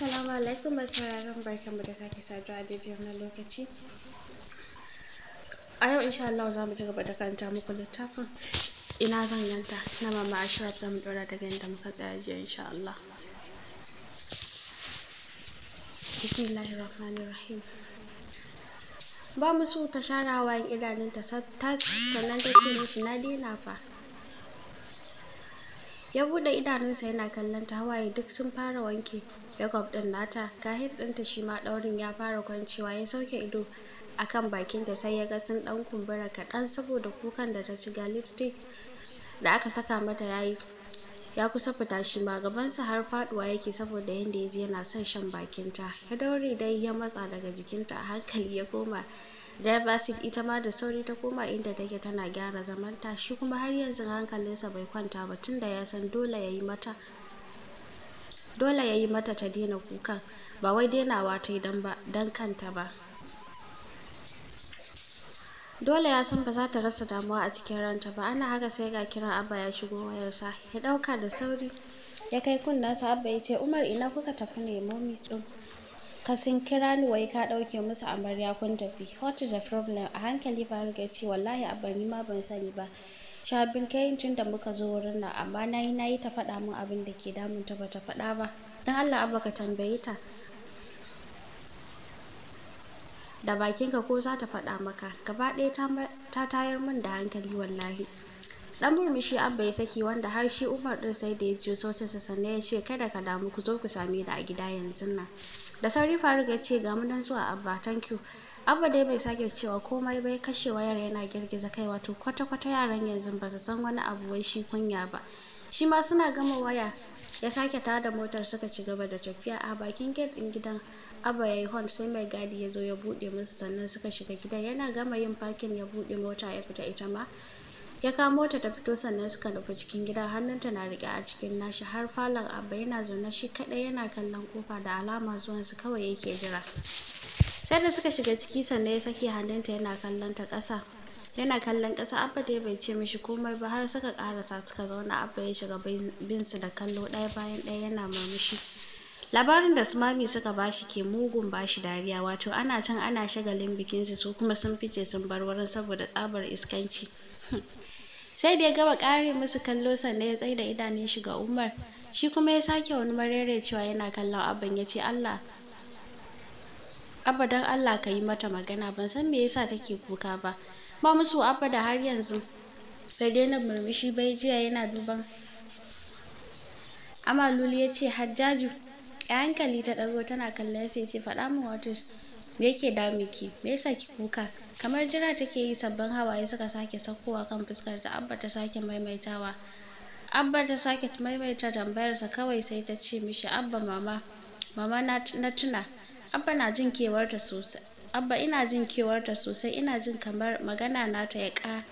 Assalamu alaikum barkan barkanmu da sake saduwa a daidai wannan lokaci. A yau insha Allah za mu ci gaba da karanta muku littafin ina zan yanta na mama Ashraf za mu dora daga yadda muka tsaya jiya insha Allah. Bismillahirrahmanirrahim. Ba mu so ta share hawayen idanunta sannan ta ce mishi na daina fa. ya buɗe idanunsa yana kallon ta hawaye duk sun fara wanke jacob ɗin nata ga hip ɗinta shi ma ɗaurin ya fara kwancewa ya sauke ido a kan bakinta sai ya ga sun ɗan kumbura kaɗan saboda kukan da ta ci ga lipstick da aka saka mata yayi ya kusa fita shi ma gabansa har faɗuwa yake saboda yanda ya ji yana son shan bakinta ya daure dai ya matsa daga jikinta a hankali ya koma Driver seat ita ma da sauri ta koma inda take tana gyara zamanta shi kuma har yanzu hankalinsa bai kwanta ba tunda ya san dole yayi mata dole mata ta daina kukan ba wai dainawa tayi dan ba kanta ba dole ya san ba za ta rasa damuwa a cikin ranta ba ana haka sai ga kiran Abba ya shigo wayarsa ya ɗauka da sauri ya kai kunnensa Abba ya ce Umar ina kuka tafi ne momis ɗin ka sun kira ni wai ka ɗauke musu amarya kun tafi what is the problem a hankali Faruk ya ce wallahi abba ni ma ban sani ba shabin kayan tun da muka zo wurin nan amma nayi nayi ta faɗa min abin da ke damun ta bata faɗa ba dan Allah abba ka tambaye ta da bakinka ko za ta faɗa maka gaba ɗaya ta tayar min da hankali wallahi dan murmushi abba ya saki wanda har shi umar din sai da ya jiyo sautinsa sannan ya ce kada ka damu ku zo ku same ni a gida yanzun nan da sauri faruk ya ce ga nan zuwa abba thank you abba dai bai sake cewa komai bai kashe wayar yana girgiza kai wato kwata-kwata yaran yanzu ba su san wani abu wai shi kunya ba shi ma suna gama waya ya sake ta da motar suka ci gaba da tafiya a bakin gate din gidan abba yayi hon sai mai gadi ya zo ya bude musu sannan suka shiga gidan yana gama yin parking ya bude mota ya fita ita ma ya kamo ta ta fito sannan suka nufi cikin gida hannunta na riƙe a cikin nashi har falon abba yana zaune shi kaɗai yana kallon kofa da alama zuwan su kawai yake jira sai da suka shiga ciki sannan ya sake hannunta yana kallon ta ƙasa yana kallon ƙasa abba dai bai ce mishi komai ba har suka ƙarasa suka zauna abba ya shiga bin su da kallo ɗaya bayan ɗaya yana murmushi labarin da sumami suka bashi ke mugun bashi dariya wato ana can ana shagalin bikin su kuma sun fice sun bar wurin saboda tsabar iskanci sai da ya gaba ƙare musu kallo sannan ya tsaida idanun shi ga umar shi kuma ya sake wani marere cewa yana kallon abin ya ce allah abba don allah ka yi mata magana ban san me yasa take kuka ba ba musu abba da har yanzu bai daina murmushi bai jiya yana duban amaluli ya ce hajjaju ya hankali ta ɗago tana kallon sai ce faɗa min wata me yake ki. me yasa ki kuka kamar jira take yi sabbin hawaye suka sake saukowa kan fuskar ta abba ta sake maimaitawa abba ta sake maimaita tambayarsa kawai sai ta ce mishi abba mama mama na tuna abba na jin kewarta sosai abba ina jin kewarta sosai ina jin kamar magana nata ya ka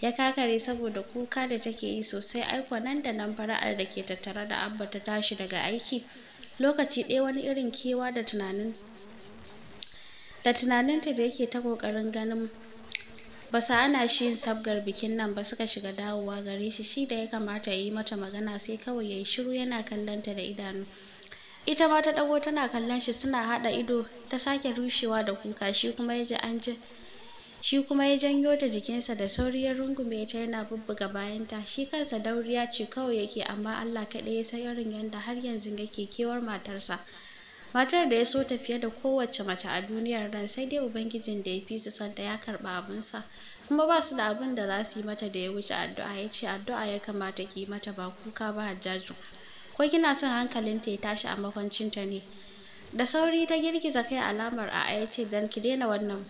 ya kakare saboda kuka da take yi sosai aiko nan da nan fara'ar da ke tattare da abba ta tashi daga aiki lokaci ɗaya wani irin kewa da tunanin da tunaninta da yake ta kokarin ganin ba su hana shi yin sabgar bikin nan ba suka shiga dawowa gare shi shi da ya kamata ya yi mata magana sai kawai ya shiru yana kallon da idanu ita ma ta ɗago tana kallon shi suna haɗa ido ta sake rushewa da kuka shi kuma ya an ji shi kuma ya janyo ta jikinsa da sauri ya rungume ta yana bubbuga bayanta shi kansa dauriya ce kawai yake amma Allah kaɗai ya san irin yadda har yanzu yake kewar matarsa matar da ya so ta fiye da kowace mace a duniyar nan sai dai ubangijin da ya fi su santa ya abun sa, kuma ba su da abin da za su yi mata da ya wuce addu'a ya ce addu'a ya kamata ki mata ba kuka ba hajjaju ko kina son hankalinta ya tashi a makwancinta ne da sauri ta girgiza kai alamar a ya ce dan ki daina wannan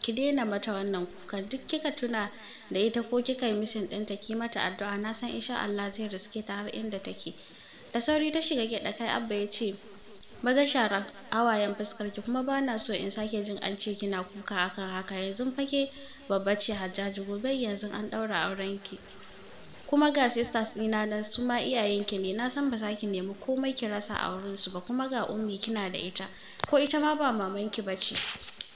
ki daina mata wannan kukan duk kika tuna da ita ko kika yi misin ɗinta ki mata addu'a na san insha Allah zai riske ta har inda take da sauri ta shiga gyaɗa kai abba ya ce maza shara hawayen fuskar ki kuma bana so in sake jin an ce kina kuka akan haka yanzu fa ke babba ce Hajjaju gobe yanzu an ɗaura auren ki kuma ga sisters ɗina nan su ma iyayenki ne na san ba za ki nemi komai ki rasa a su ba kuma ga ummi kina da ita ko ita ma ba mamanki ba ce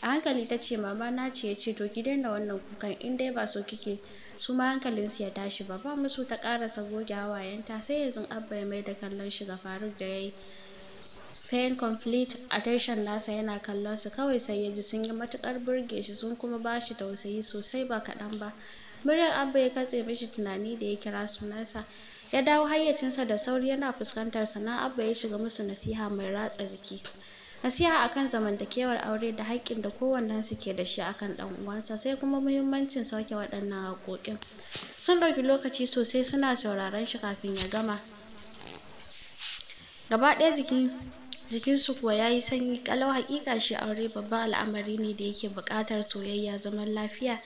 a hankali ta ce mama na ce ya to ki daina wannan kukan in dai ba so kike su ma hankalinsu ya tashi ba ba musu ta ƙarasa goge hawayenta sai yanzu abba ya mai da kallon shi ga faruk da yayi Fail complete attention nasa yana kallon su kawai sai ya ji sun yi matukar burge shi sun kuma ba shi tausayi sosai ba kaɗan ba. Muryar Abba ya katse mishi tunani da ya kira sunansa. Ya dawo hayyacinsa da sauri yana fuskantar na Abba ya shiga musu nasiha mai ratsa jiki. Nasiha akan zamantakewar aure da haƙƙin da kowannensu ke da shi akan ɗan uwansa sai kuma muhimmancin sauke waɗannan haƙoƙin. Sun ɗauki lokaci sosai suna sauraron shi kafin ya gama. Gaba ɗaya jikin jikinsu kuwa ya yi sanyi ƙalau haƙiƙa shi aure babban al'amari ne da yake buƙatar soyayya zaman lafiya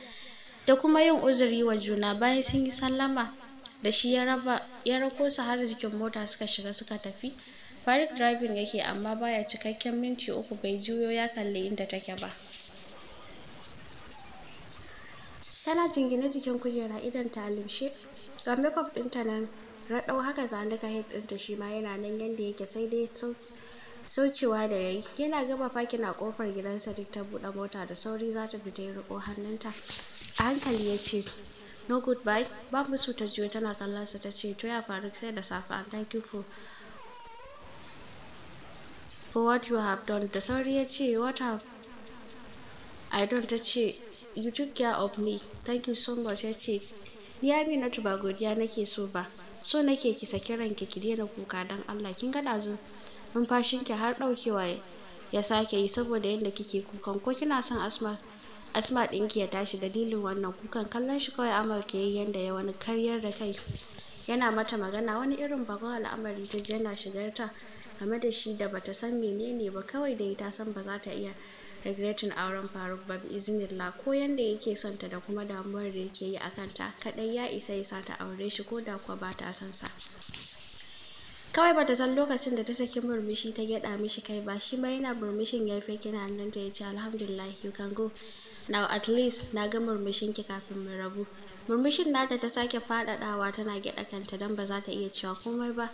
da kuma yin uzuri wa juna bayan sun yi sallama da shi ya raba rako su har jikin mota suka shiga suka tafi Farid driving yake amma baya cikakken minti uku bai juyo ya kalli inda take ba tana jingine jikin kujera idan ta limshe ga makeup ɗinta nan raɗau haka zalika head ɗinta shi ma yana nan yanda yake sai dai saucewa da yayi yana gama fakin a kofar gidansa duk ta buɗe mota da sauri zata fita ya riƙo hannunta a hankali yace no goodbye babu su ta juyo tana kallon sa tace to ya Faruk sai da safe thank you for for what you have done da sauri yace what have I done tace you took care of me thank you so much yace ni Aminatu ba godiya nake so ba so nake ki saki ranki ki daina kuka dan Allah kin ga dazu ki har ɗaukewa ya sake yi saboda yadda kike kukan ko kina son asma asma ɗinki ya tashi dalilin wannan kukan kallon shi kawai amal ke yi yanda ya wani karyar da kai yana mata magana wani irin bakon al'amari ta ji yana shigar ta game da shi da bata san menene ba kawai da ta san ba za ta iya regretting auren Faruk ba bi iznillah ko yanda yake son ta da kuma damuwar da yake yi akan ta kadai ya isa ya sa ta aure shi ko da kuwa ba ta son sa Kawai bata san lokacin da ta saki murmushi ta gyaɗa mishi kai ba, shi ma yana murmushin ya fi kina hannunta ya yace Alhamdulillah you can go. Now at least na ga murmushin ki kafin mu rabu. Murmushin nata ta sake fadadawa tana gyada kanta don ba za ta iya cewa komai ba.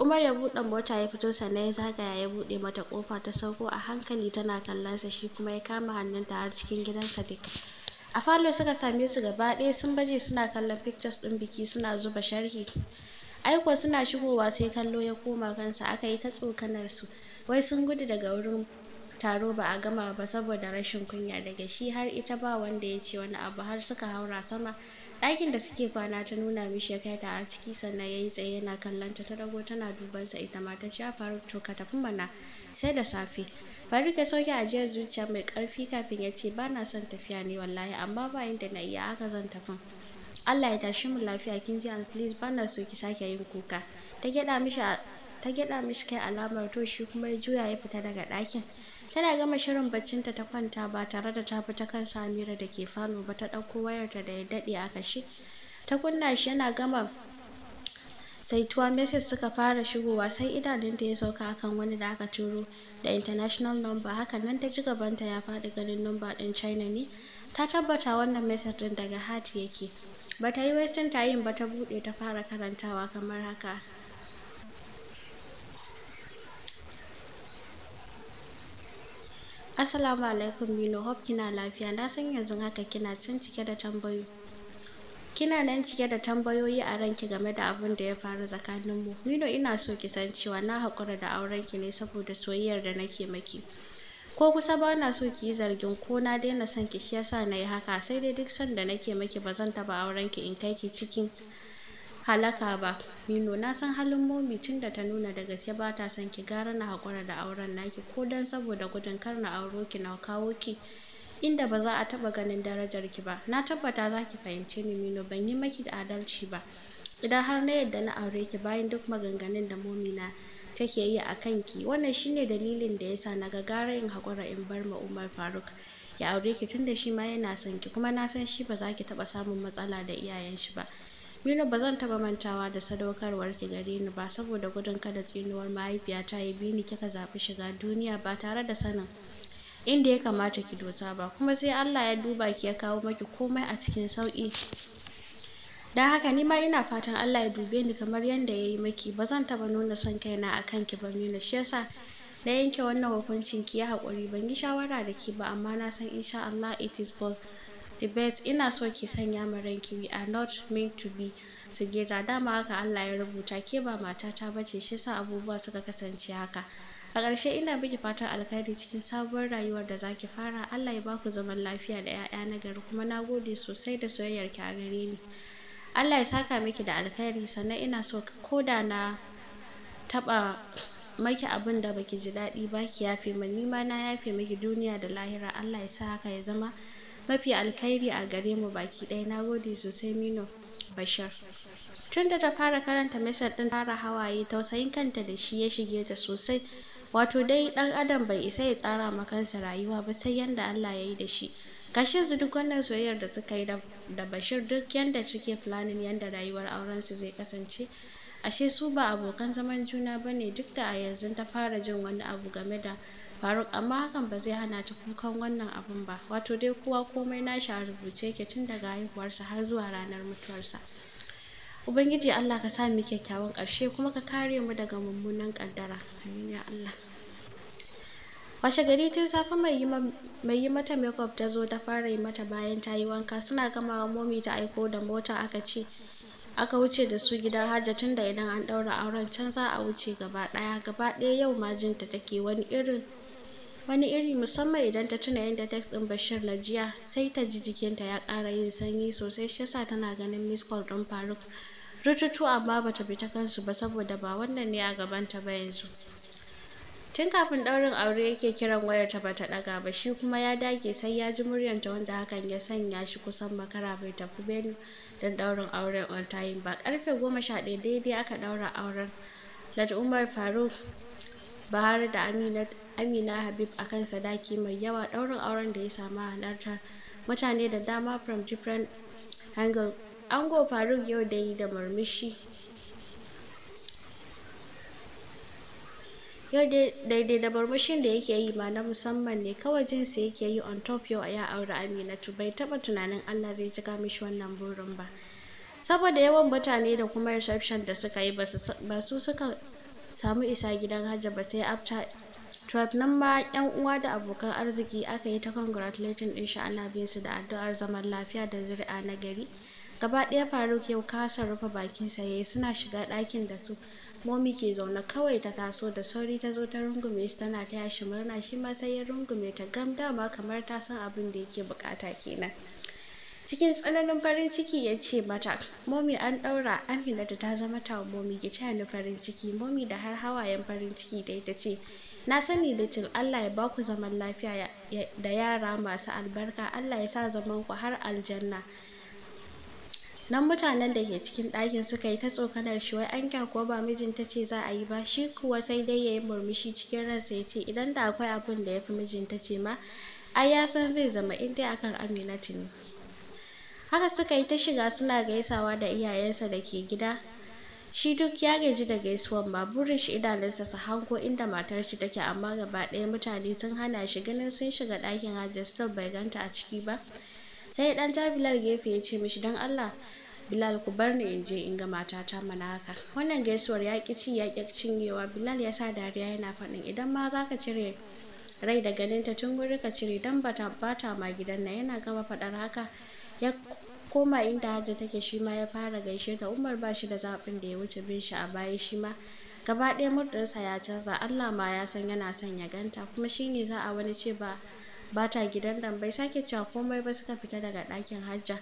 Umar ya buɗe mota ya fito sannan ya zagaya ya buɗe mata ƙofa ta sauko a hankali tana kallon sa shi kuma ya kama hannun ta har cikin gidansa duk A falo suka same su gaba ɗaya sun baje suna kallon pictures ɗin biki suna zuba sharhi ai kuwa suna shigowa sai kallo ya koma kansa aka yi ta tsokanar su wai sun gudu daga wurin taro ba a gama ba saboda rashin kunya daga shi har ita ba wanda ya ce wani abu har suka haura sama ɗakin da suke kwana ta nuna mishi ya kai ta har ciki sannan ya yi tsaye yana kallon ta ta dago tana duban sa ita ma ta ce a faru to ka tafi mana sai da safe Faruk ya sauke ajiyar zuciya mai ƙarfi kafin ya ce ba na son tafiya ne wallahi amma ba yanda na iya haka zan tafin. Allah ya tashi mu lafiya kin ji an please bana so ki sake yin kuka ta gyada mishi ta mishi kai alamar to shi kuma ya juya ya fita daga ɗakin tana gama shirin baccin ta ta kwanta ba tare da ta fita kan Samira da ke falo ba ta ɗauko wayarta da ya daɗe a kashe ta kunna shi yana gama saituwa message suka fara shigowa sai idanunta ya sauka akan wani da aka turo da international number haka nan ta ji gabanta ya faɗi ganin number ɗin China ne ta tabbata wannan message ɗin daga Hati yake ba ta yi western tayin ba ta buɗe ta fara karantawa kamar haka Assalamu alaikum Mino. Hope kina lafiya na san yanzu haka kina can cike da tambayoyi kina nan cike da tambayoyi a ranki game da abin da ya faru tsakanin mu ina so ki san cewa na haƙura da aurenki ne saboda soyayyar da nake maki ko kusa ba na so ki yi zargin ko na daina son ki shi yasa na yi haka sai dai duk sanda nake miki ba zan taɓa auren ki in kai ki cikin halaka ba Mino na san halin momi tun da ta nuna da gaske ba ta son ki gara na haƙura da auren naki ko dan saboda gudun kar na auro ki na kawo ki inda ba za a taɓa ganin darajar ki ba na tabbata za ki fahimce ni Mino ban yi maki da adalci ba idan har na yadda na aure ki bayan duk maganganun da momi na take yi a kanki wannan shine dalilin da ya sa na ga gara in haƙura in bar ma Umar Faruk ya aure ki tunda shi ma yana son ki kuma na san shi ba za ki taɓa samun matsala da iyayen shi ba Mino ba zan taɓa mantawa da sadaukarwar ki gare ni ba saboda gudun kada tsinuwar mahaifiyata ya bi ni kika zaɓi shiga duniya ba tare da sanin inda ya kamata ki dosa ba kuma sai Allah ya duba ki ya kawo maki komai a cikin sauƙi don haka ni ma ina fatan Allah ya dube ni kamar yadda ya yi miki ba zan taɓa nuna son kaina a kanki ba Mira shi yasa na yanke wannan hukuncin ki yi haƙuri ban yi shawara da ki ba amma na san insha Allah it is for the best ina so ki sanya ma ranki we are not meant to be together dama haka Allah ya rubuta ke ba matata ba ce shi yasa abubuwa suka kasance haka a ƙarshe ina miki fatan alkhairi cikin sabuwar rayuwar da zaki fara Allah ya baku zaman lafiya da 'ya'ya na gari kuma na gode sosai da soyayyar ki a gare ni Allah ya saka miki da alkhairi sannan ina so ko da na taɓa maki abun da baki ji daɗi ba ki yafe min ni ma na yafe miki duniya da lahira Allah ya sa haka ya zama mafi alkhairi a gare mu baki ɗaya na gode sosai Mino Bashir tunda ta fara karanta message ɗin fara hawaye tausayin kanta da shi ya shige ta sosai wato dai ɗan adam bai isa ya tsara ma kansa rayuwa ba sai yanda Allah ya yi da shi kashe su duk wannan soyayyar da suka yi da Bashir duk yadda cike planning yanda rayuwar aurensu zai kasance ashe su ba abokan zaman juna bane duk da a yanzu ta fara jin wani abu game da Faruk amma hakan ba zai hana ta kukan wannan abun ba wato dai kowa komai nashi a rubuce yake tun daga haihuwarsa har zuwa ranar mutuwarsa Ubangiji Allah ka sa mu kyakkyawan ƙarshe kuma ka kare mu daga mummunan ƙaddara amin ya Allah washe gari tun safe mai yi mata makeup ta zo ta fara yi mata bayan ta yi wanka suna gamawa momi ta aiko da mota aka ce aka wuce da su gidan Hajja da idan an ɗaura auren can za a wuce gaba ɗaya gaba ɗaya yau ma jinta take wani irin wani iri musamman idan ta tuna yadda text ɗin Bashir na jiya sai ta ji jikinta ya kara yin sanyi sosai shi yasa tana ganin miss call ɗin Faruk rututu amma bata bi ta kansu ba saboda ba wannan ne a gabanta ba yanzu tun kafin ɗaurin aure yake kiran wayarta ta ɗaga ba shi kuma ya dage sai ya ji muryarta wanda hakan ya sanya shi kusan makara bai tafi Benue don ɗaurin auren on time ba ƙarfe goma sha ɗaya daidai aka ɗaura auren lat Umar Faruk Bahar da Amina Amina Habib kan sadaki mai yawa ɗaurin auren da ya samu halartar mutane da dama from different angle ango Faruk yau dai da murmushi yau daidai da murmushin da yake yi ma na musamman ne kawai jinsi yake yi on top yau ya auri aminatu bai taɓa tunanin allah zai cika mishi wannan burin ba saboda yawan mutane da kuma reception da suka yi ba su suka samu isa gidan hajji ba sai after 12 nan yan uwa da abokan arziki aka yi ta congratulating din shi ana su da addu'ar zaman lafiya da zuri'a na gari gaba ɗaya faruk yau kasa rufe bakin yayi suna shiga ɗakin da su momi ke zaune kawai ta taso da sauri ta zo ta rungume shi tana taya shi murna shi ma sai ya rungume ta gam dama kamar ta san abin da yake bukata kenan cikin tsananin farin ciki ya ce mata momi an ɗaura da ta zama tawa momi ki taya ni farin ciki momi da har hawayen farin ciki dai ta ce na sani little allah ya baku zaman lafiya da yara masu albarka allah ya sa zaman ku har aljanna Nan mutanen da ke cikin ɗakin suka yi ta tsokanar shi wai anka kuwa ba mijinta ce za a yi ba, shi kuwa sai dai ya yi murmushi cikin ransa ya ce idan da akwai abun da ya fi mijinta ce ma, ai ya san zai zama in dai akan Aminatu ne. Haka suka yi ta shiga suna gaisawa da iyayensa da ke gida, shi duk ya gaji da gaisuwan ma burin shi idanunsa su hango inda matar shi take amma gaba ɗaya mutane sun hana shi ganin sun shiga ɗakin Hajjat bai ganta a ciki ba. sai ɗan jabilar gefe ya ce mishi don Allah Bilal ku bar ni in je in ga matata mana haka wannan gaisuwar ya ƙi ci ya ƙi cinyewa Bilal ya sa dariya yana faɗin idan ma za ka cire rai da ganinta tun wuri ka cire dan bata bata ma gidan nan yana gama faɗar haka ya koma inda Hajja take shi ma ya fara gaishe ta Umar ba shi da zaɓin da ya wuce bin shi a baya shi ma gaba ɗaya murɗinsa ya canza Allah ma ya san yana son ya ganta kuma shi ne za a wani ce ba bata gidan nan bai sake cewa komai ba suka fita daga ɗakin hajja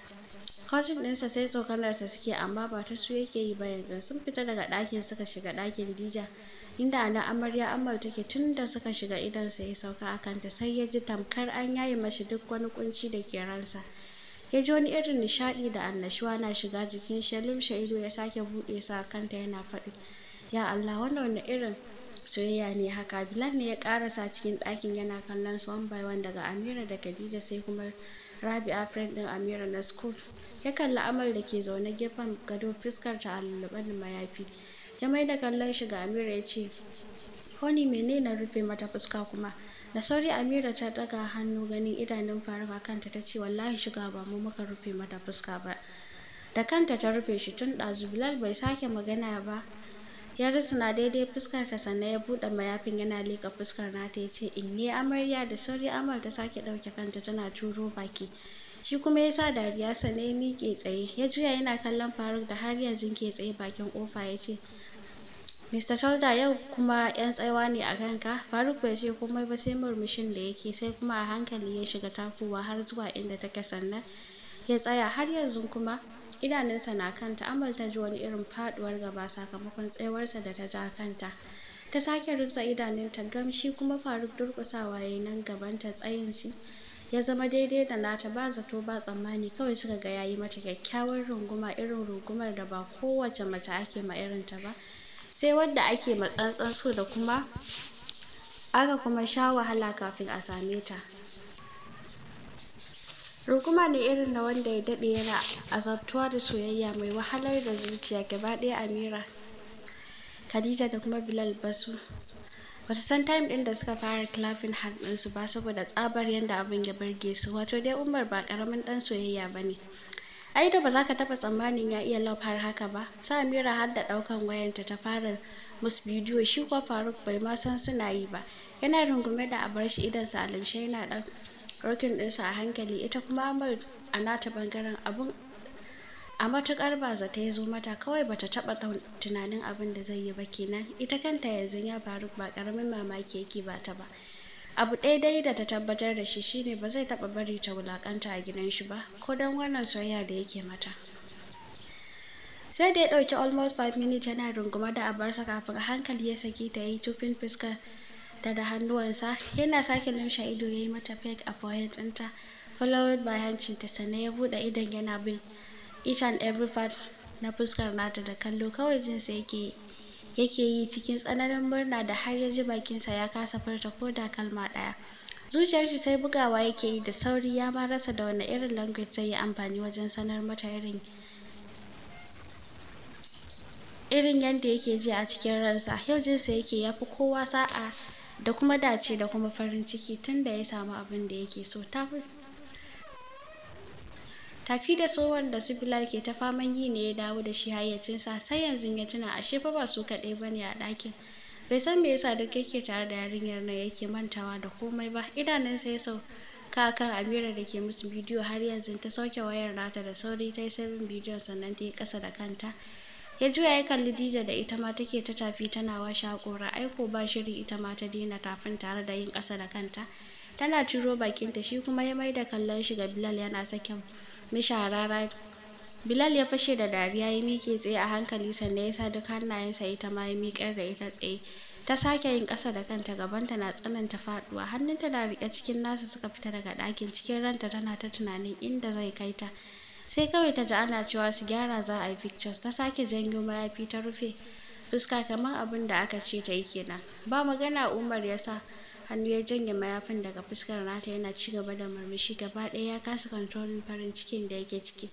cousin ɗinsa sai tsokanarsa suke amma ba ta su yake yi ba yanzu sun fita daga ɗakin suka shiga ɗakin dija inda ana amarya amal take tun da suka shiga sa ya sauka a kanta sai ya ji tamkar an yaye mashi duk wani kunci da ke ransa ya ji wani irin nishaɗi da annashuwa na shiga jikin shi ya lumshe ido ya sake buɗe su a kanta yana faɗi ya Allah wannan wani irin soyayya ne haka Bilal ne ya karasa cikin ɗakin yana kallon su one by one daga Amira da Khadija sai kuma Rabi'a friend din Amira na school ya kalli Amal da ke zaune gefen gado fuskar ta a mayafi ya mai da kallon shi ga Amira ya ce Honey mene na rufe mata fuska kuma da sauri Amira ta daga hannu ganin idanun Faruk kanta ta ce wallahi shiga ba mu muka rufe mata fuska ba da kanta ta rufe shi tun ɗazu Bilal bai sake magana ba ya na daidai fuskar ta sannan ya buɗe mayafin yana liƙa fuskar nata yace ce inye amarya da sauri amal ta sake ɗauke kanta tana turo baki shi kuma ya sa dariya sannan ya miƙe tsaye ya juya yana kallon faruk da har yanzu ke tsaye bakin kofa ya ce Mr. Shoulder yau kuma 'yan tsayawa ne a kanka? Faruk bai ce komai ba sai murmushin da yake sai kuma a hankali ya shiga takowa har zuwa inda take sannan ya tsaya har yanzu kuma idanunsa na kanta amal ta ji wani irin faduwar gaba sakamakon tsayuwarsa da ta ja kanta ta sake idanun idanunta gamshi kuma faruk durkusawa yayi nan gabanta tsayin shi ya zama daidai da nata ba zato ba tsammani kawai suka ga yayi mata kyakkyawar runguma irin rungumar da ba kowace mace ake ma irin ta ba sai wadda ake ma tsantsan so da kuma aka kuma sha wahala kafin a same ta Runguma ne irin na wanda ya daɗe yana azabtuwa da soyayya mai wahalar da zuciya gaba ɗaya Amira Khadija da kuma Bilal basu basu san time ɗin da suka fara clapping hand ɗinsu ba saboda tsabar yadda abin ya burge su wato dai Umar ba ƙaramin ɗan soyayya ba ne ai da ba za ka taɓa tsammanin ya iya love har haka ba sa Amira har da ɗaukan wayarta ta fara musu bidiyo shi kuwa Faruk bai ma san suna yi ba yana rungume da abar shi idonsa a limshe yana ɗan rokin ɗinsa a hankali ita kuma amal a nata bangaren abun a matuƙar ba ta ya zo mata kawai bata taɓa tunanin abin da zai yi ba kenan ita kanta yanzu ya faru ba ƙaramin mamaki yake ba ta ba abu ɗaya dai da ta tabbatar da shi shine ba zai taɓa bari ta wulaƙanta a gidan shi ba ko don wannan soyayya da yake mata sai da ya ɗauki almost five minutes yana runguma da abarsa kafin a hankali ya saki ta yi tufin fuskar da da hannuwansa yana sake lumshe ido ya yi mata peg a forehead ɗinta followed by ta sannan ya buɗe idon yana bin each and every part na fuskar nata da kallo kawai jinsa yake yake yi cikin tsananin murna da har ya ji bakinsa ya kasa furta ko da kalma ɗaya zuciyar shi sai bugawa yake yi da sauri ya ma rasa da wani irin language zai yi amfani wajen sanar mata irin irin yadda yake ji a cikin ransa yau jinsa yake ya fi kowa sa'a da kuma dace da kuma farin ciki tun da ya samu abin da yake so tafi da tsohon da sibila ke ta faman yi ne ya dawo da shi hayyacinsa sai yanzu ya tuna ashe fa ba su kaɗai ba ne a ɗakin bai san me yasa duk yake tare da yarinyar nan yake mantawa da komai ba idanunsa ya sauka kan amira da ke musu bidiyo har yanzu ta sauke wayar nata da sauri ta yi sabon bidiyon sannan ta yi ƙasa da kanta ya juya ya kalli dija da ita ma take ta tafi tana washe ai aiko ba shiri ita ma ta dina tafin tare da yin kasa da kanta tana ciro bakinta shi kuma ya maida kallon shi ga bilal yana sakin mishi harara bilal ya fashe da dariya ya miƙe tsaye a hankali sannan ya sa duk hannayensa ita ma ya miƙar da ita tsaye ta sake yin ƙasa da kanta gabanta na tsananta faɗuwa hannunta na rike cikin nasa suka fita daga ɗakin cikin ranta tana ta tunanin inda zai kai ta sai kawai ta ji ana cewa su gyara za a yi pictures ta sake janyo mayafi ta rufe fuska kamar abin da aka ce ta yi kenan ba magana umar ya sa hannu ya janye mayafin daga fuskar nata yana ci gaba da murmushi gaba ɗaya ya kasa kontrolin farin cikin da yake ciki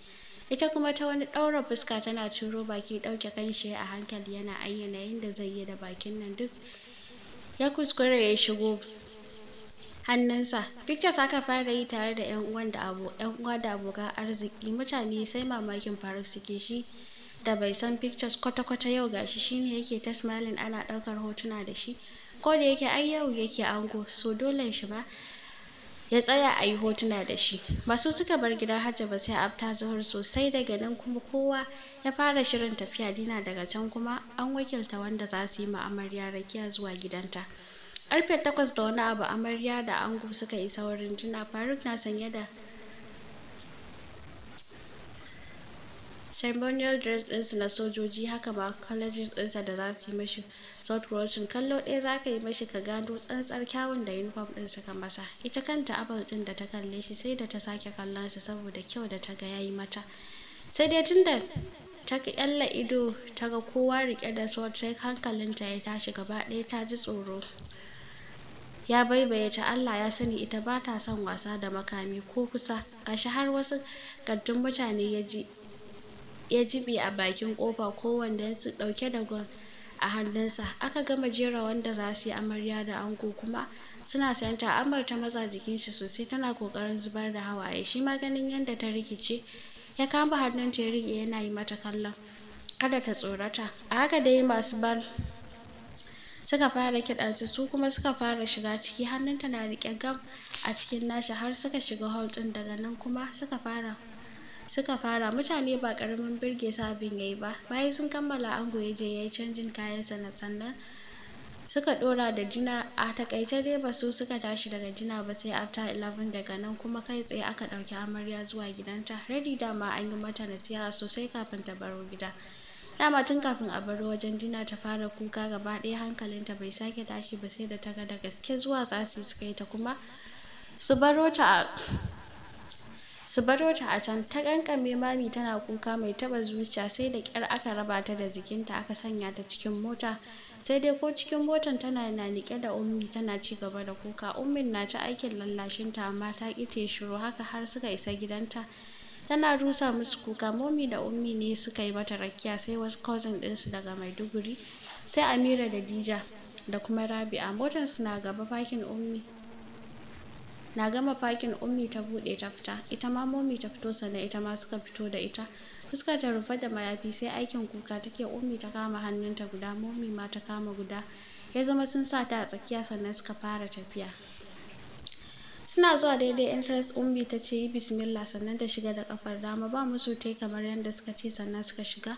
ita kuma ta wani ɗaura fuska tana ciro baki ɗauke kanshi a hankali yana ayyana yadda zai yi da bakin nan duk ya kuskure ya shigo hannunsa pictures aka fara yi tare da yan uwan da yan uwa da abokan arziki mutane sai mamakin faruk suke shi da bai san pictures kwata-kwata yau gashi shine yake ta smiling ana ɗaukar hotuna da shi ko da yake ai yau yake ango so dole shi ba ya tsaya a yi hotuna da shi masu suka bar gidan ba sai afta zuhur sosai daga nan kuma kowa ya fara shirin tafiya dina daga can kuma an wakilta wanda za su yi ma amarya rakiya zuwa gidanta Karfe takwas da wani abu amarya da ango suka isa wurin juna Faruk na sanye da ceremonial dress ɗinsu na sojoji haka ba college ɗinsa da za su yi mashi south crossing kallo ɗaya za ka yi mashi ka gano tsantsar kyawun da uniform ɗin suka masa ita kanta abal ɗin da ta kalle shi sai da ta sake kallon sa saboda kyau da ta ga yayi mata sai dai tunda ta kyalla ido ta ga kowa rike da sword sai hankalinta ya tashi gaba ɗaya ta ji tsoro ya baibaye ta Allah ya sani ita ba ta son wasa da makami ko kusa gashi har wasu kantin mutane ya ji a bakin kofa ya su dauke da gun a hannunsa aka gama jera wanda za su yi amarya da ango kuma suna sayanta amar ta matsa jikin shi sosai tana kokarin zubar da hawaye shi ma ganin yadda ta rikice ya kama hannunta ya rike yana yi mata kallon kada ta tsorata a haka dai masu bal suka fara kiɗansu su kuma suka fara shiga ciki hannunta na riƙe gam a cikin nashi har suka shiga hall ɗin daga nan kuma suka fara suka fara mutane ba ƙaramin birge su abin yayi ba bayan sun kammala ango ya je yayi canjin kayansa na sannan suka ɗora da jina a taƙaice dai ba su suka tashi daga jina ba sai after 11 daga nan kuma kai tsaye aka ɗauki amarya zuwa gidanta ready dama an yi mata nasiha sosai kafin ta baro gida Dama tun kafin a bar wajen Dina ta fara kuka gaba ɗaya hankalinta bai sake tashi ba sai da ta ga da gaske zuwa za suka yi ta kuma su baro ta a su baro ta a can ta kankame mami tana kuka mai taɓa zuciya sai da ƙyar aka raba ta da jikinta aka sanya ta cikin mota sai dai ko cikin motan tana na nike da ummi tana ci gaba da kuka ummin na ta aikin lallashin ta amma ta ki ta shiru haka har suka isa gidanta tana rusa musu kuka momi da Ummi ne suka yi mata rakiya sai wasu cousin ɗinsu daga Maiduguri sai Amira da Dija da kuma Rabi'a motar su na gaba parking Ummi na gama fakin Ummi ta buɗe ta fita ita ma Mummy ta fito sannan ita ma suka fito da ita fuska ta rufe da mayafi sai aikin kuka take Ummi ta kama hannunta guda momi ma ta kama guda ya zama sun sa ta a tsakiya sannan suka fara tafiya Suna zuwa daidai entrance Ummi ta ce yi bismillah sannan ta shiga da kafar dama ba musu tai kamar yadda suka ce sannan suka shiga.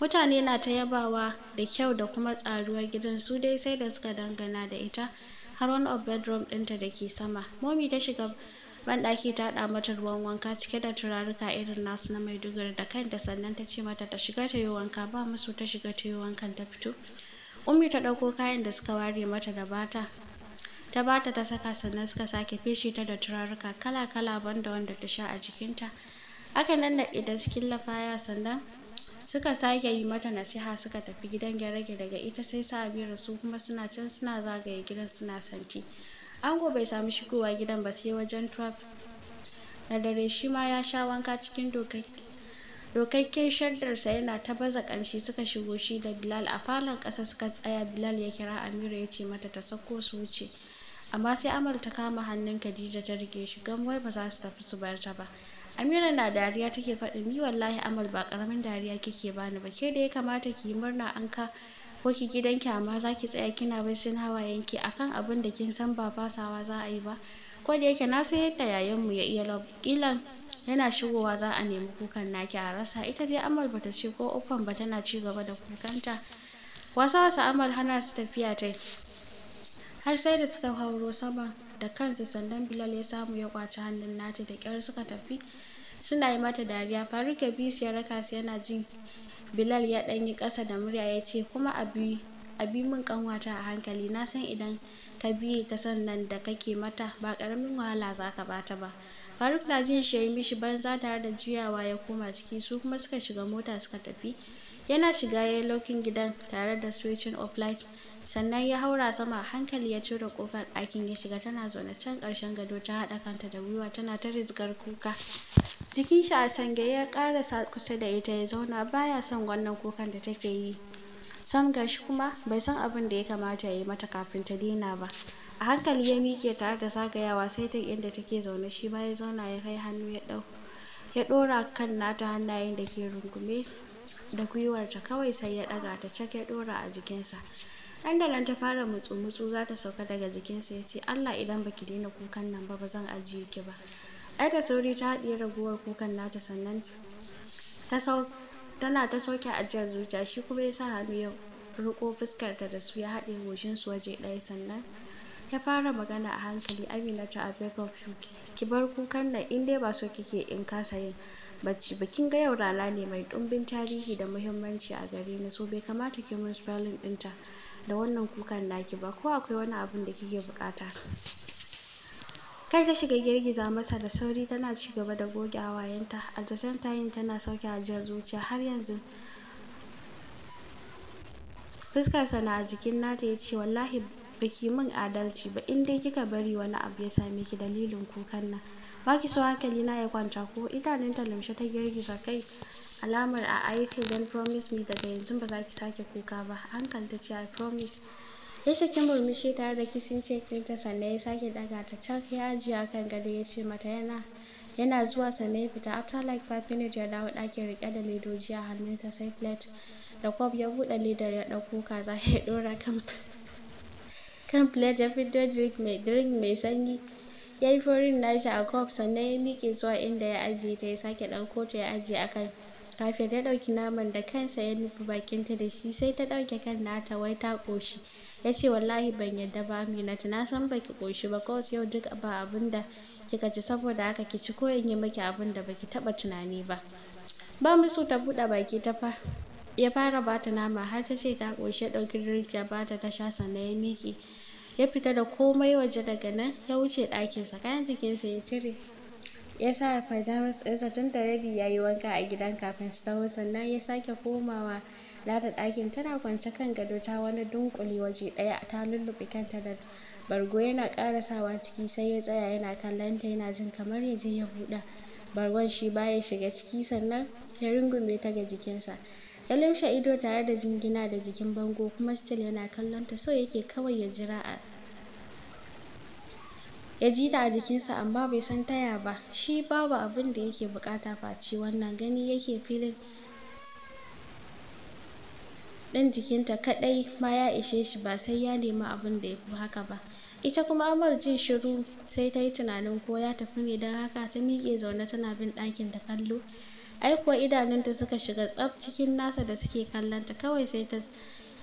Mutane na ta yabawa da kyau da kuma tsaruwar gidan su dai sai da suka dangana da ita har wani of bedroom ɗinta da ke sama. Momi ta shiga banɗaki ta haɗa mata ruwan wanka cike da turaruka irin nasu na Maiduguri da kanta sannan ta ce mata ta shiga ta yi wanka ba musu ta shiga ta yi wankan ta fito. Ummi ta ɗauko kayan da suka ware mata da bata ta bata ta saka sannan suka sake feshe ta da turaruka kala-kala banda wanda ta sha a jikinta aka nannaɗe da cikin lafaya sannan suka sake yi mata nasiha suka tafi gidan gyare daga ita sai su Amira su kuma suna can suna zagaye gidan suna santi ango bai samu shigowa gidan ba sai wajen 12 da dare shi ma ya sha wanka cikin dokakken shaddarsa yana ta baza ƙamshi suka shigo shi da Bilal a falon ƙasa suka tsaya Bilal ya kira Amira ya ce mata ta sauko su wuce amma sai Amal ta kama hannun Khadija ta rike shi gam wai ba za su tafi su bar ta ba Amira na dariya take faɗi ni wallahi Amal ba karamin dariya kike bani ba ke da ya kamata ki yi murna an ka ko ki gidanki amma za ki tsaya kina yanki. hawayenki kan abin da kin san ba fasawa za a yi ba ko da yake na san yadda yayanmu ya iya lab yana shigowa za a nemi kukan naki a rasa ita dai Amal bata ce ko uffam ba tana ci gaba da kukanta wasa wasa Amal hana su tafiya tai har sai da suka hauro sama da kansu sandan Bilal ya samu ya kwaci hannun nata da kyar suka tafi suna yi mata dariya Faruk ya bi ya raka su yana jin Bilal ya ɗan yi ƙasa da murya ya ce kuma a bi min ƙanwata a hankali na san idan ka biye ta sannan da kake mata ba ƙaramin wahala za ka ba Faruk na jin shi ya yi mishi banza tare da juyawa ya koma ciki su kuma suka shiga mota suka tafi. Yana shiga ya yi gidan tare da switching off light sannan ya haura sama hankali ya cire kofar ɗakin ya shiga tana zaune can ƙarshen gado ta haɗa kanta da gwiwa tana ta rizgar kuka. Jikin shi a sange ya ƙarasa kusa da ita ya zauna baya son wannan kukan da take yi. Sam gashi kuma bai san abin da ya kamata ya yi mata kafin ta daina ba. a hankali ya miƙe tare da zagayawa saitin inda take zaune shi ma ya zauna ya kai hannu ya ɗau ya ɗora kan nata hannayen da ke rungume da gwiwarta kawai sai ya ɗaga ta cak ya ɗora a jikinsa sa da daren ta fara mutsu mutsu za ta sauka daga jikinsa ya ce Allah idan baki daina kukan nan ba ba zan ajiye ki ba ai da sauri ta haɗiye ragowar kukan nata sannan ta sau tana ta sauke ajiyar zuciya shi kuma ya sa hannu ya riƙo fuskarta da su ya haɗe goshinsu waje ɗaya sannan ya fara magana a hankali Amina ta abeg of you ki bar kukan nan in dai ba so kike in kasa yin bacci ba kin ga yau rana ne mai ɗumbin tarihi da muhimmanci a gare ni so bai kamata ki mun ɗin ɗinta da wannan kukan naki ba ko akwai wani abun da kike buƙata kai ta shiga girgiza masa da sauri tana cigaba da goge hawayenta at the same time tana sauke ajiyar zuciya har yanzu fuskarsa na jikin nata yace wallahi baki min adalci ba in dai kika bari wani abu ya same ki dalilin kukan nan baki so hankali na ya kwanta ko idanun ta lumshe ta girgiza kai alamar a ce don promise me daga yanzu ba za ki sake kuka ba hankali ta ce i promise ya saki murmushi tare da kisin cikin ta sannan ya sake daga ta cak ya ajiye akan gado ya ce mata yana yana zuwa sannan ya fita after like five minutes ya dawo ɗakin riƙe da ledoji a hannunsa sai plate da kwaf ya buɗe ledar ya ɗauko kaza ya ɗora kan kan plate ya fiddo drink mai drink mai sanyi ya yi na nashi a cup sannan ya miƙe zuwa inda ya ajiye ta ya sake ɗauko ta ya ajiye a kan kafin ya ɗauki naman da kansa ya nufi bakin ta da shi sai ta ɗauke kan nata wai ta ƙoshi ya ce wallahi ban yarda ba Aminatu na san baki ƙoshi ba kawai yau duk ba abin da kika ci saboda haka ki ci ko in yi miki abin da baki taɓa tunani ba ba mu so ta buɗe baki ta fa ya fara bata nama har ta ce ta ƙoshi ya ɗauki drink ya bata ta sha sannan ya miƙe ya fita da komai waje daga nan ya wuce ɗakinsa kayan jikinsa ya cire ya sa pajamas ɗinsa tun da rabi ya yi wanka a gidan kafin su taho sannan ya sake komawa lada ɗakin tana kwance kan gado ta wani dunƙule waje ɗaya ta lulluɓe kanta da bargo yana ƙara sawa ciki sai ya tsaya yana kallon ta yana jin kamar ya je ya buɗe bargon shi baya shiga ciki sannan ya rungume ta ga jikinsa ya lumshe ido tare da jingina da jikin bango kuma still yana kallon ta so yake kawai ya jira a ya ji ta a jikinsa amma bai san taya ba shi babu abin da yake bukata face wannan gani yake filin ɗin jikinta kaɗai ma ya ishe shi ba sai ya nemi abin da ya fi haka ba ita kuma amal jin shiru sai ta yi tunanin ko ya tafi ne don haka ta miƙe zaune tana bin ɗakin da kallo ai kuwa idanunta suka shiga tsaf cikin nasa da suke kallonta kawai sai ta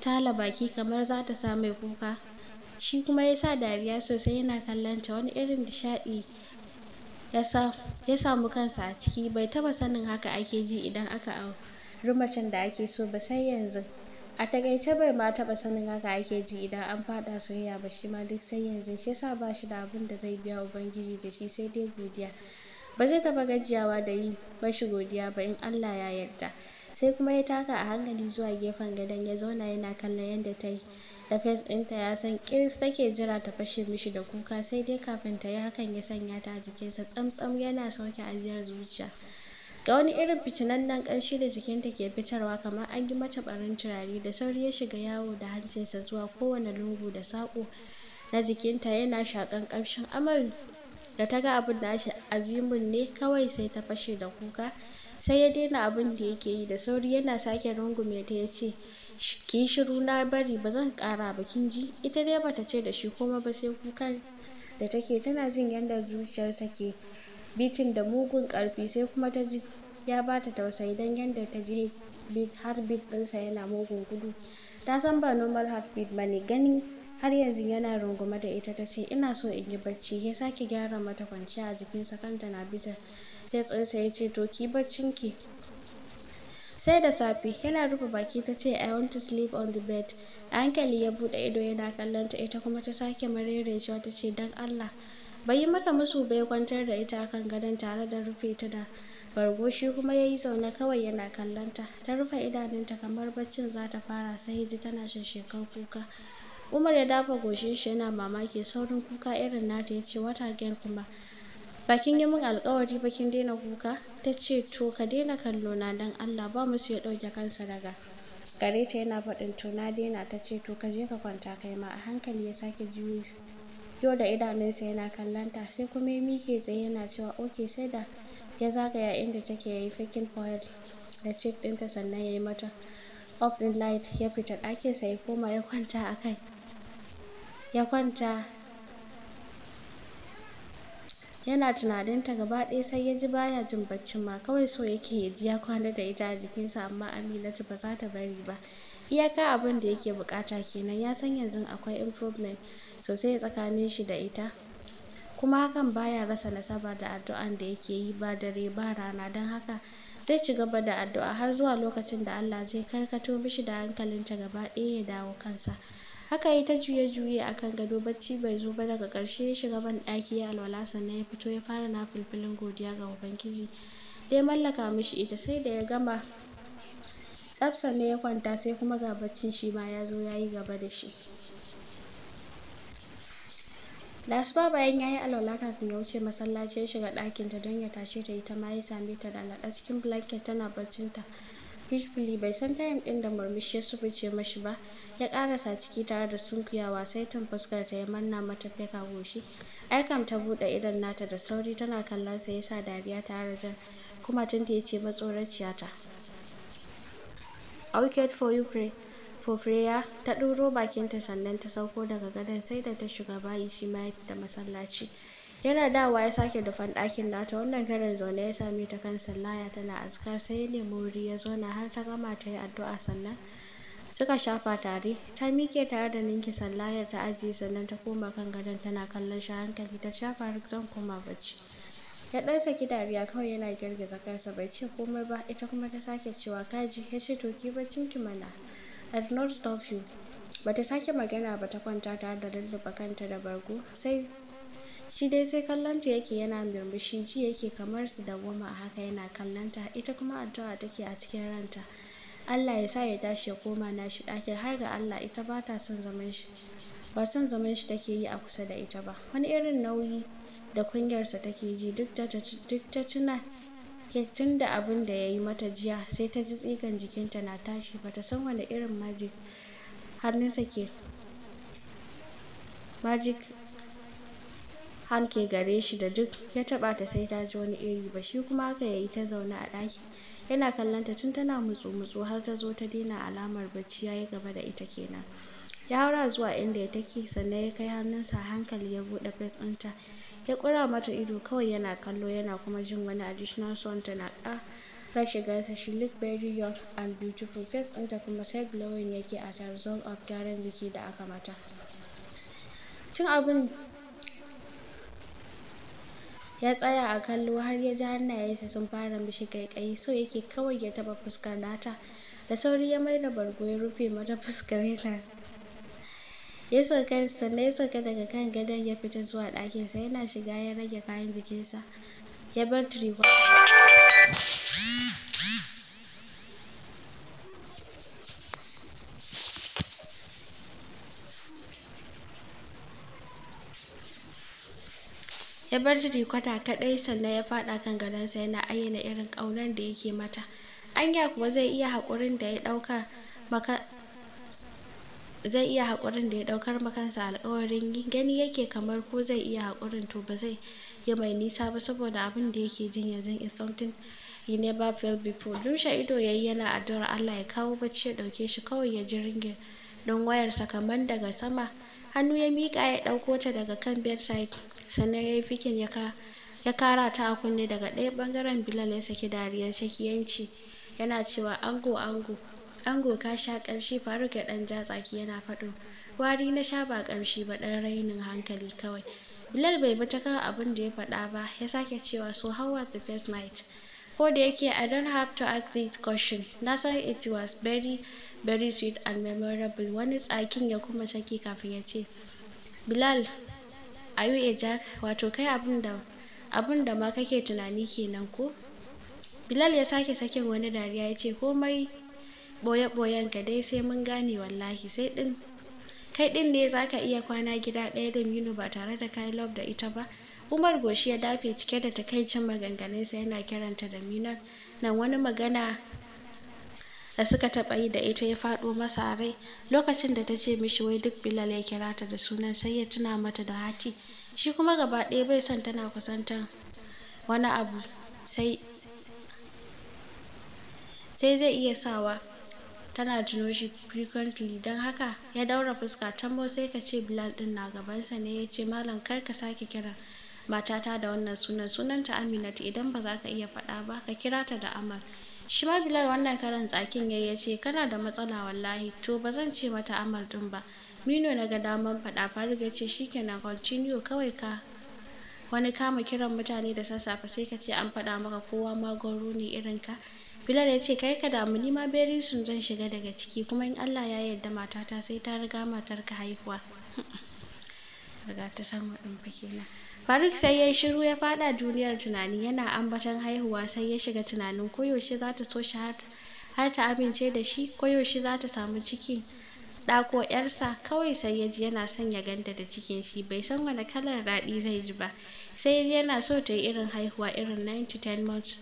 tala baki kamar za ta sa mai kuka shi kuma ya sa dariya sosai yana kallonta wani irin nishaɗi ya samu kansa a ciki bai taɓa sanin haka ake ji idan aka auri macen da ake so ba sai yanzu a takaice bai ma taɓa sanin haka ake ji idan an faɗa soyayya ba shi ma duk sai yanzu shi yasa ba shi da abin da zai biya ubangiji da shi sai dai godiya ba zai taɓa gajiyawa da yi mashi godiya ba in Allah ya yarda sai kuma ya taka a hankali zuwa gefen gadon ya zauna yana kallon yadda ta yi da fes ɗinta ya san ƙiris take jira ta fashe mishi da kuka sai dai kafin ta yi hakan ya sanya ta a jikinsa tsamtsam yana sauke ajiyar zuciya ga wani irin fitinannen ƙarshi da jikinta ke fitarwa kamar an yi mata ɓarin turare da sauri ya shiga yawo da hancinsa zuwa kowane lungu da saƙo na jikinta yana shaƙan ƙamshin amal da ta ga abin nashi azimin ne kawai sai ta fashe da kuka sai ya daina abun da yake yi da sauri yana sake rungume ta ya ce ki yi shiru na bari ba zan ƙara ba kin ji ita dai bata ce da shi kuma ba sai kukan da take tana jin yadda zuciyarsa ke bitin da mugun karfi sai kuma ta ji ya bata tausayi don yadda ta ji heartbeat ɗinsa yana mugun gudu ta san ba normal heartbeat bane ganin har yanzu yana rungume da ita ta ce ina so in yi barci ya sake gyara mata kwanciya a jikin sa kanta na bisa tsatsinsa ya ce to ki barcin ki sai da safe yana rufe baki ta ce i want to sleep on the bed a hankali ya bude ido yana kallon ta ita kuma ta sake cewa ta ce don allah bai yi mata musu bai kwantar da ita akan gadon tare da rufe ta da bargo shi kuma ya yi zaune kawai yana kallon ta ta rufe idanunta kamar baccin za ta fara sai ya ji tana kuka Umar ya dafa goshin shi yana mamaki saurin kuka irin nata ya ce what again kuma bakin yi min alkawari kin daina kuka ta ce to ka daina kallo na dan Allah ba musu ya ɗauke kansa daga gare ta yana faɗin to na daina ta ce to ka je ka kwanta kai ma a hankali ya sake juyo yau da idanunsa yana kallon ta sai kuma ya mike tsaye yana cewa okay sai da ya zagaya inda take yayi fakin forehead da cheek ɗinta sannan ya yi mata off ɗin light ya fita ɗakin sa ya koma ya kwanta a kai ya kwanta yana tunanin ta gaba ɗaya sai ya ji baya jin baccin ma kawai so yake ya ji ya kwana da ita a jikinsa amma Aminatu ba za ta bari ba iyaka abin da yake buƙata kenan ya san yanzu akwai improvement sosai tsakanin shi da ita kuma hakan baya rasa nasaba da addu'an da yake yi ba dare ba rana don haka zai ci gaba da addu'a har zuwa lokacin da Allah zai karkato mishi da hankalinta gaba ɗaya ya dawo kansa haka yayi ta juye juye a kan gado bacci bai zo ba daga ƙarshe ya shiga ban ɗaki ya alwala sannan ya fito ya fara nafilfilin godiya ga ubangiji da ya mallaka mishi ita sai da ya gama tsaf sannan ya kwanta sai kuma ga baccin shi ma ya zo ya yi gaba da shi da asuba bayan ya yi alwala kafin ya wuce masallaci ya shiga ɗakinta don ya tashe ta ita ma ya same ta da alaƙa cikin blanket tana ta. Fishbuli bai san tayin ɗin da murmushi ya fice mashi ba, ya karasa ciki tare da sunkuyawa saitin ta ya manna mata ta a goshi. Ai ta buɗe idon nata da sauri tana kallon ya sa dariya tare da tun kumatunta ya ce matsoraciya ta. I for you for prayer ta ɗuro bakinta sannan ta sauko daga gadon sai da ta shiga bayi shi ma ya fita masallaci. yana dawowa ya sake dufan ɗakin nata wannan karin zaune ya same ta kan sallaya tana azkar sai ya nemi wuri ya zauna har ta gama ta yi addu'a sannan suka shafa tare ta miƙe tare da ninki sallayar ta ajiye sannan ta koma kan gadon tana kallon shi hankali ta shafa har zan koma bacci ya ɗan saki dariya kawai yana girgiza kansa bai ce komai ba ita kuma ta sake cewa kaji ya ce to ki baccin ki mana I do not stop you bata sake magana ba ta kwanta tare da lulluɓe kanta da bargo sai shi dai sai kallonta yake yana murmushi ji yake kamar su da goma a haka yana kallonta ita kuma addu'a take a cikin ranta Allah ya sa ya tashi ya koma nashi ɗakin har ga Allah ita ba ta son zaman shi ba son zaman shi take yi a kusa da ita ba wani irin nauyi da kunyarsa take ji duk ta tuna tun da abin da ya yi mata jiya sai ta ji tsigan jikinta na tashi ba ta san wani irin magic hannunsa ke magic ham ke gare shi da duk ya taɓa ta sai ta ji wani iri ba shi kuma haka ya yi ta zaune a ɗaki yana kallon ta tun tana mutsu mutsu har ta zo ta daina alamar bacci yayi gaba da ita kenan ya haura zuwa inda ya take sannan ya kai hannunsa a hankali ya buɗe fes ya ƙura mata ido kawai yana kallo yana kuma jin wani additional sound tana ƙara shigarsa she look very young and beautiful face ɗinta kuma sai glowing yake a a result of gyaran jiki da aka mata tun abin ya tsaya a kallo har ya ji hannayensa sun fara mishi kaikayi so yake kawai ya taɓa fuskar nata da sauri ya maida bargo ya rufe mata fuskar yana ya sauka sannan ya sauka daga kan gadon ya fita zuwa ɗakinsa yana shiga ya rage kayan jikinsa ya bar ya bar Rikoda kaɗai sannan ya faɗa kan gadonsa yana ayyana irin ƙaunar da yake mata anya kuwa zai iya haƙurin da ya ɗaukar maka zai iya haƙurin da ya ɗaukar makansa alƙawarin gani yake kamar ko zai iya haƙurin to ba zai yi mai nisa ba saboda abin da yake jin yanzu is something he never felt before lumshe ido yayi yana addu'ar Allah ya kawo bacci ya ɗauke shi kawai ya ji ringin ɗin wayarsa kamar daga sama hannu ya miƙa ya ɗauko ta daga kan bedside sannan ya yi fikin ya kara ta a kunne daga ɗaya ɓangaren Bilal ya saki dariyar shakiyanci yana cewa ango ango ango ka sha ƙamshi Faruk ya ɗan ja tsaki yana faɗo wari na sha ba ƙamshi ba ɗan rainin hankali kawai Bilal bai bi ta kan abin da ya faɗa ba ya sake cewa so how was the first night ko da yake I don't have to ask this question na san it was very very sweet and memorable wani tsakin ya kuma saki kafin ya ce bilal are you a jack wato kai abin da ma kake tunani kenan ko bilal ya sake sakin wani dariya ya ce komai boye-boyen ka dai sai mun gane wallahi sai din kai din ne za ka iya kwana gida ɗaya da minu ba tare da kai love da ita ba umar goshi ya dafe cike da takaicin maganganunsa yana kiranta da minar nan wani magana da suka taɓa yi da ita ya faɗo masa a rai lokacin da ta ce mishi wai duk Bilal ya kira ta da sunan sai ya tuna mata da Hati shi kuma gaba ɗaya bai son tana kusantan wani abu sai sai zai iya sawa tana tuno shi frequently don haka ya daura fuska tambo sai ka ce Bilal ɗin na gabansa ne ya ce malam kar ka sake kira matata da wannan sunan sunanta aminat idan ba za ka iya faɗa ba ka kira ta da Amal shi ma bilal wannan karan tsakin yayi ya ce kana da matsala wallahi to ba zan ce mata amal din ba mino na ga daman faɗa faruk ya ce shikenan continue kawai ka wani kama kiran mutane da sassafe sai ka ce an faɗa maka kowa ma gwauro ne irin ka bilal ya ce kai ka damu ni ma beri sun zan shiga daga ciki kuma in allah ya yarda matata sai ta riga matar ka haihuwa riga ta samu ɗin fa kenan Faruk sai ya yi shiru ya faɗa duniyar tunani yana ambaton haihuwa sai ya shiga tunanin koyaushe za ta so shi har ta amince da shi koyaushe za ta samu ciki ɗa ko yarsa kawai sai ya ji yana son ya ganta da cikin shi bai san wani kalar daɗi zai ji ba sai ya ji yana so ta yi irin haihuwa irin 9 10 months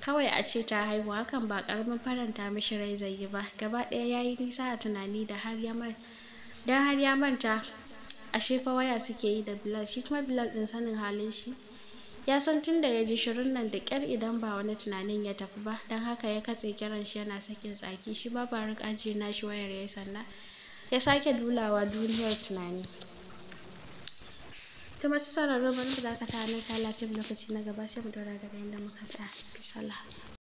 kawai a ce ta haihu hakan ba ƙaramin faranta mishi rai zai yi ba gaba ɗaya ya yi nisa a tunani da har ya manta ashe fa waya suke yi da Bilal shi kuma Bilal din sanin halin shi ya san tun da ya ji shirin nan da ƙyar idan ba wani tunanin ya tafi ba don haka ya katse kiran shi yana sakin tsaki shi ma Faruk ajiye shi wayar ya yi sannan ya sake dulawa duniyar tunani ta masu sauraro bari mu dakata na ta lafiya lokaci na gaba sai mu dora daga yadda muka tsaya Allah